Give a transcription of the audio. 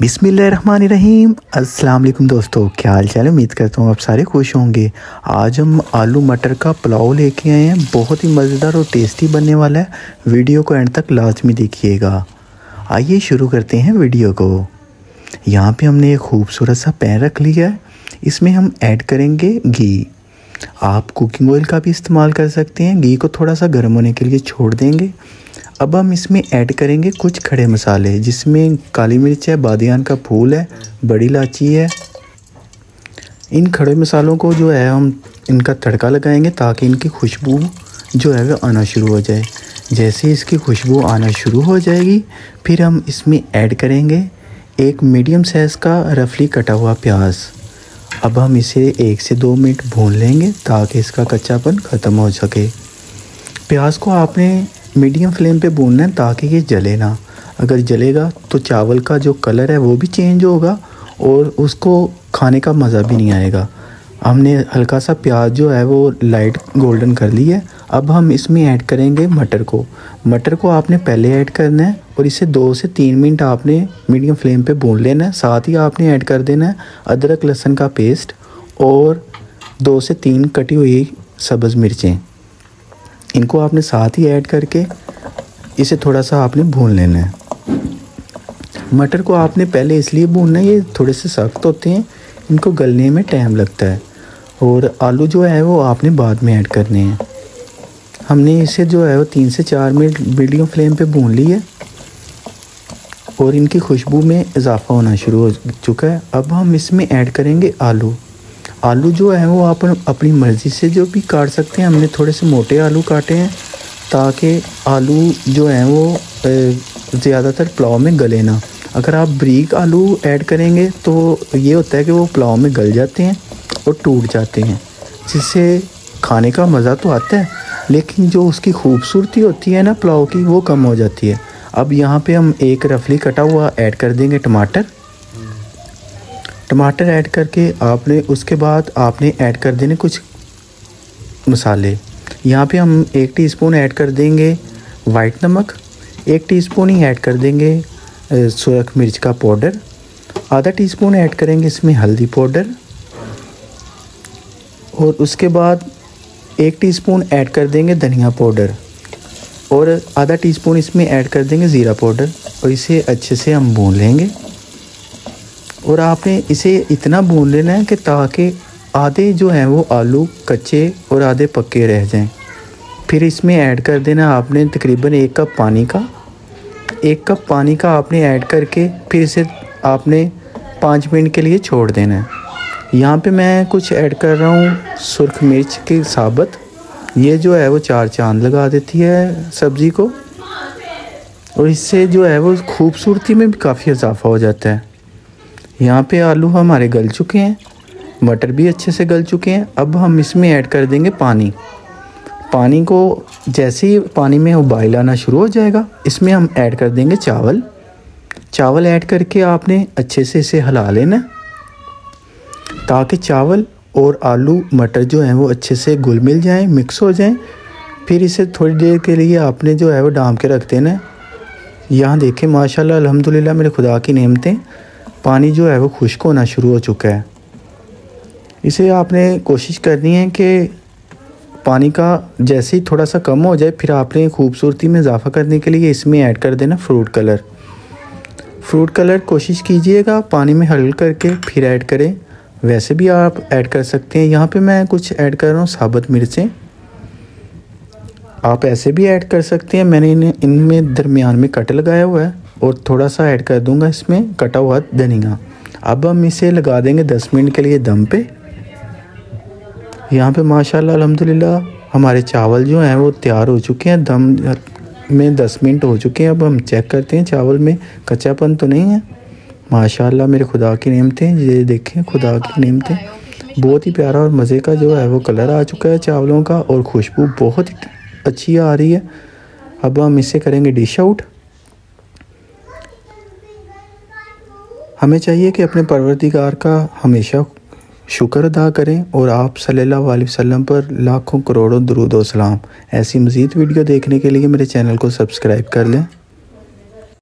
बिसमीम अस्सलाम दोस्तों क्या हाल चाल उम्मीद करता हूँ आप सारे खुश होंगे आज हम आलू मटर का पुलाव लेके आए हैं बहुत ही मज़ेदार और टेस्टी बनने वाला है वीडियो को एंड तक लाजमी देखिएगा आइए शुरू करते हैं वीडियो को यहाँ पे हमने एक खूबसूरत सा पैन रख लिया है इसमें हम ऐड करेंगे घी आप कुकिंग ऑयल का भी इस्तेमाल कर सकते हैं घी को थोड़ा सा गर्म होने के लिए छोड़ देंगे अब हम इसमें ऐड करेंगे कुछ खड़े मसाले जिसमें काली मिर्च है बादियान का फूल है बड़ी इलाची है इन खड़े मसालों को जो है हम इनका तड़का लगाएंगे ताकि इनकी खुशबू जो है वह आना शुरू हो जाए जैसे इसकी खुशबू आना शुरू हो जाएगी फिर हम इसमें ऐड करेंगे एक मीडियम साइज़ का रफली कटा हुआ प्याज अब हम इसे एक से दो मिनट भून लेंगे ताकि इसका कच्चापन ख़त्म हो सके प्याज को आपने मीडियम फ्लेम पे भूनना है ताकि ये जले ना अगर जलेगा तो चावल का जो कलर है वो भी चेंज होगा और उसको खाने का मज़ा भी नहीं आएगा हमने हल्का सा प्याज जो है वो लाइट गोल्डन कर ली है अब हम इसमें ऐड करेंगे मटर को मटर को आपने पहले ऐड करना है और इसे दो से तीन मिनट आपने मीडियम फ्लेम पे भून लेना है साथ ही आपने ऐड कर देना है अदरक लहसुन का पेस्ट और दो से तीन कटी हुई सब्ज़ मिर्चें इनको आपने साथ ही ऐड करके इसे थोड़ा सा आपने भून लेना है मटर को आपने पहले इसलिए भूनना है ये थोड़े से सख्त होते हैं इनको गलने में टाइम लगता है और आलू जो है वो आपने बाद में ऐड करने हैं हमने इसे जो है वो तीन से चार मिनट मीडियम फ्लेम पे भून ली है और इनकी खुशबू में इजाफ़ा होना शुरू हो चुका है अब हम इसमें ऐड करेंगे आलू आलू जो है वो आप अपनी मर्ज़ी से जो भी काट सकते हैं हमने थोड़े से मोटे आलू काटे हैं ताकि आलू जो हैं वो ज़्यादातर पुलाव में गले ना अगर आप ब्रीक आलू ऐड करेंगे तो ये होता है कि वो पुलाव में गल जाते हैं और टूट जाते हैं जिससे खाने का मज़ा तो आता है लेकिन जो उसकी खूबसूरती होती है ना पुलाव की वो कम हो जाती है अब यहाँ पे हम एक रफली कटा हुआ ऐड कर देंगे टमाटर टमाटर ऐड करके आपने उसके बाद आपने ऐड कर देने कुछ मसाले यहाँ पे हम एक टीस्पून ऐड कर देंगे वाइट नमक एक टीस्पून ही ऐड कर देंगे सुरख मिर्च का पाउडर आधा टीस्पून ऐड करेंगे इसमें हल्दी पाउडर और उसके बाद एक टीस्पून ऐड कर देंगे धनिया पाउडर और आधा टीस्पून इसमें ऐड कर देंगे ज़ीरा पाउडर और इसे अच्छे से हम भून लेंगे और आपने इसे इतना भून लेना है कि ताकि आधे जो हैं वो आलू कच्चे और आधे पक्के रह जाएं फिर इसमें ऐड कर देना आपने तकरीबन एक कप पानी का एक कप पानी का आपने ऐड करके फिर इसे आपने पाँच मिनट के लिए छोड़ देना है यहाँ पे मैं कुछ ऐड कर रहा हूँ सुरख मिर्च के साबत ये जो है वो चार चांद लगा देती है सब्ज़ी को और इससे जो है वो खूबसूरती में भी काफ़ी इजाफा हो जाता है यहाँ पे आलू हमारे गल चुके हैं मटर भी अच्छे से गल चुके हैं अब हम इसमें ऐड कर देंगे पानी पानी को जैसे ही पानी में उबाइल आना शुरू हो जाएगा इसमें हम ऐड कर देंगे चावल चावल ऐड करके आपने अच्छे से इसे हिला लेना ताकि चावल और आलू मटर जो हैं वो अच्छे से घुल मिल जाएँ मिक्स हो जाएँ फिर इसे थोड़ी देर के लिए आपने जो है वो डाम के रख देना यहाँ देखें माशाल्लाह अल्हम्दुलिल्लाह मेरे खुदा की नेमतें पानी जो है वो खुश्क होना शुरू हो चुका है इसे आपने कोशिश करनी है कि पानी का जैसे ही थोड़ा सा कम हो जाए फिर आपने खूबसूरती में इजाफा करने के लिए इसमें ऐड कर देना फ्रूट कलर फ्रूट कलर कोशिश कीजिएगा पानी में हल करके फिर ऐड करें वैसे भी आप ऐड कर सकते हैं यहाँ पे मैं कुछ ऐड कर रहा हूँ साबुत मिर्चें आप ऐसे भी ऐड कर सकते हैं मैंने इन्हें इनमें दरमियान में कट लगाया हुआ है और थोड़ा सा ऐड कर दूंगा इसमें कटा हुआ धनिया अब हम इसे लगा देंगे दस मिनट के लिए दम पे यहाँ पे माशाल्लाह अल्हम्दुलिल्लाह हमारे चावल जो हैं वो तैयार हो चुके हैं दम में दस मिनट हो चुके हैं अब हम चेक करते हैं चावल में कच्चापन तो नहीं है माशाल्लाह मेरे खुदा की नियमतें ये देखें खुदा की नियमतें बहुत ही प्यारा और मज़े का जो है वो कलर आ चुका है चावलों का और खुशबू बहुत अच्छी आ रही है अब हम इसे करेंगे डिश आउट हमें चाहिए कि अपने परवरदिगार का हमेशा शुक्र अदा करें और आप सल्लल्लाहु अलैहि वसल्लम पर लाखों करोड़ों दरूद सलाम ऐसी मज़ीद वीडियो देखने के लिए मेरे चैनल को सब्सक्राइब कर लें